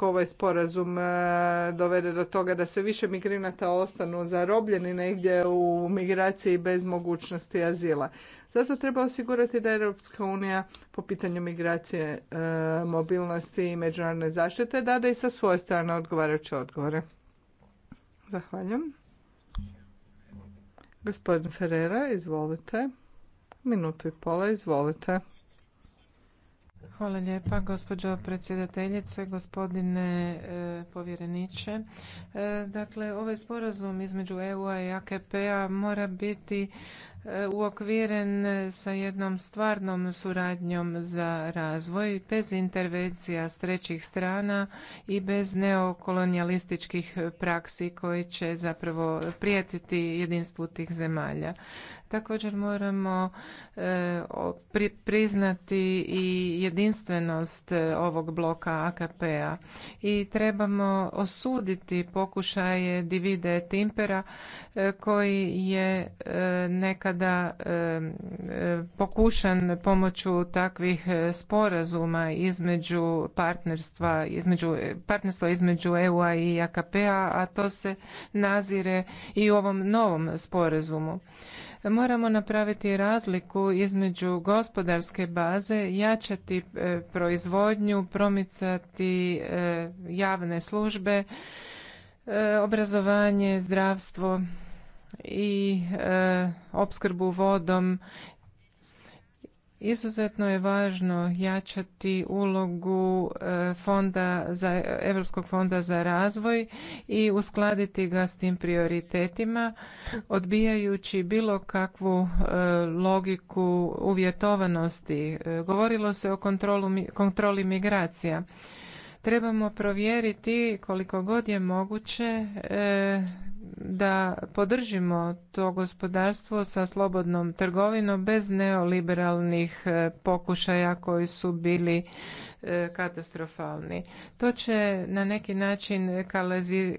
ovaj sporazum eh, dovede do toga da sve više migranata ostanu zarobljeni negdje u migraciji bez mogućnosti azila. Zato treba osigurati da Europska unija po pitanju migracije, eh, mobilnosti i međunarodne zaštite dada i sa svoje strane odgovarajuće odgovore. Zahvaljujem. Gospodin Ferreira, izvolite. Minutu i pola, izvolite. Hvala lijepa gospođo predsjedateljice, gospodine e, povjereniče. E, dakle, ovaj sporazum između EU-a i AKP-a mora biti e, uokviren sa jednom stvarnom suradnjom za razvoj, bez intervencija s trećih strana i bez neokolonijalističkih praksi koji će zapravo prijetiti jedinstvu tih zemalja. Također moramo e, priznati i jedinstvenost e, ovog bloka AKP-a i trebamo osuditi pokušaje divide timpera e, koji je nekada pokušan pomoću takvih sporazuma između partnerstva, između partnerstva između EU-a i AKP-a, a to se nazire i u ovom novom sporazumu. Moramo napraviti razliku između gospodarske baze, jačati e, proizvodnju, promicati e, javne službe, e, obrazovanje, zdravstvo i opskrbu vodom Izuzetno je važno jačati ulogu e, fonda za, Europskog fonda za razvoj i uskladiti ga s tim prioritetima, odbijajući bilo kakvu e, logiku uvjetovanosti. E, govorilo se o kontrolu, kontroli migracija. Trebamo provjeriti koliko god je moguće da podržimo to gospodarstvo sa slobodnom trgovinom bez neoliberalnih e, pokušaja koji su bili e, katastrofalni. To će na neki način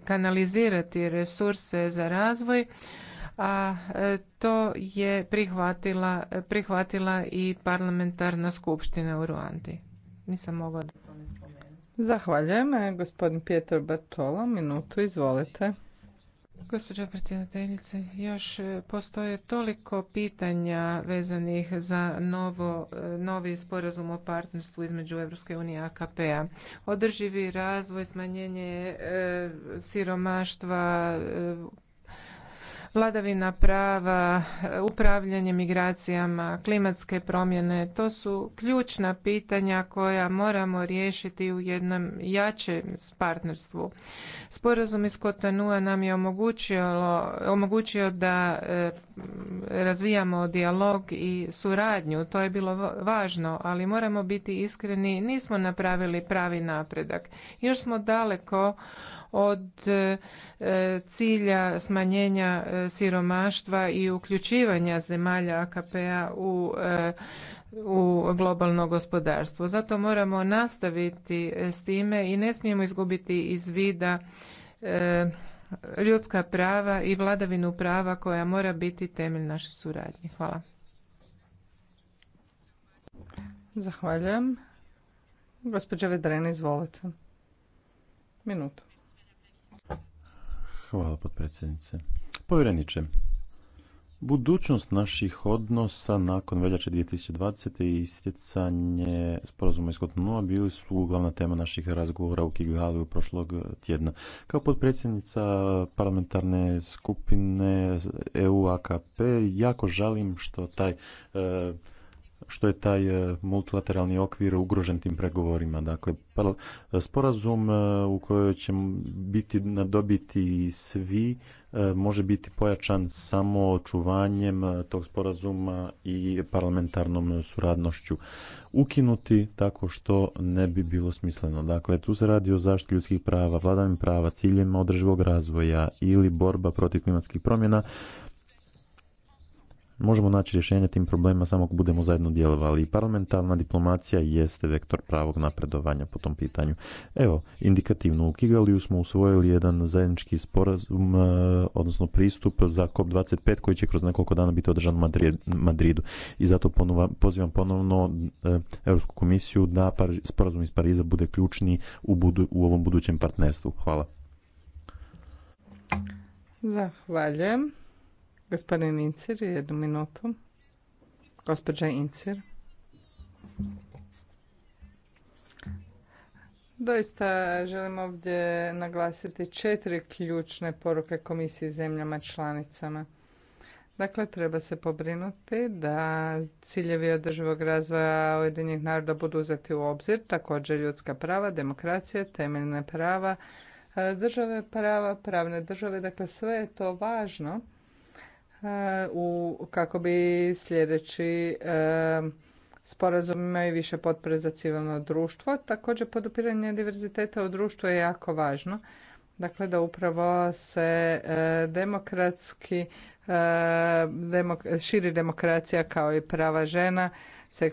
kanalizirati resurse za razvoj, a e, to je prihvatila, prihvatila i parlamentarna skupština u Ruandi. Nisam mogla to Zahvaljujem. Gospodin Pjetar Bartola, minutu, izvolite. Gospođo predsjedateljice, još e, postoje toliko pitanja vezanih za novo, e, novi sporazum o partnerstvu između Europske unije i AKP-a. Održivi razvoj, smanjenje e, siromaštva, vladavina prava, upravljanje migracijama, klimatske promjene, to su ključna pitanja koja moramo riješiti u jednom jačem partnerstvu. Sporazum iz Kotanua nam je omogućio da e, razvijamo dijalog i suradnju, to je bilo važno, ali moramo biti iskreni, nismo napravili pravi napredak. Još smo daleko od e, e, cilja smanjenja e, siromaštva i uključivanja zemalja AKP-a u u globalno gospodarstvo. Zato moramo nastaviti s time i ne smijemo izgubiti iz vida ljudska prava i vladavinu prava koja mora biti temelj naše suradnje. Hvala. Zahvaljujem. Gospođa Vedrena, izvolite. Minutu. Hvala, potpredsjednice. Povjereniče, budućnost naših odnosa nakon veljače 2020. i istjecanje sporazuma iz nula bili su glavna tema naših razgovora u u prošlog tjedna. Kao potpredsjednica parlamentarne skupine EU-AKP jako žalim što taj e, što je taj e, multilateralni okvir ugrožen tim pregovorima. Dakle, e, sporazum e, u kojoj će biti nadobiti svi može biti pojačan samo očuvanjem tog sporazuma i parlamentarnom suradnošću. Ukinuti tako što ne bi bilo smisleno. Dakle, tu se radi o zaštiti ljudskih prava, vladavim prava, ciljem održivog razvoja ili borba protiv klimatskih promjena možemo naći rješenje tim problema samo ako budemo zajedno djelovali i parlamentarna diplomacija jeste vektor pravog napredovanja po tom pitanju. Evo, indikativno u Kigaliju smo usvojili jedan zajednički sporazum, e, odnosno pristup za COP25 koji će kroz nekoliko dana biti održan u Madridu. I zato pozivam ponovno e, Europsku komisiju da sporazum iz Pariza bude ključni u, u ovom budućem partnerstvu. Hvala. Zahvaljujem. Gospodin Incir, jednu minutu. Gospođa Incir. Doista želim ovdje naglasiti četiri ključne poruke komisije zemljama članicama. Dakle, treba se pobrinuti da ciljevi održivog razvoja Ujedinjenih naroda budu uzeti u obzir, također ljudska prava, demokracije, temeljne prava, države prava, pravne države, dakle sve je to važno kako bi sljedeći e, sporazum imao i više potpore za civilno društvo. Također podupiranje diverziteta u društvu je jako važno. Dakle, da upravo se e, demokratski, e, širi demokracija kao i prava žena,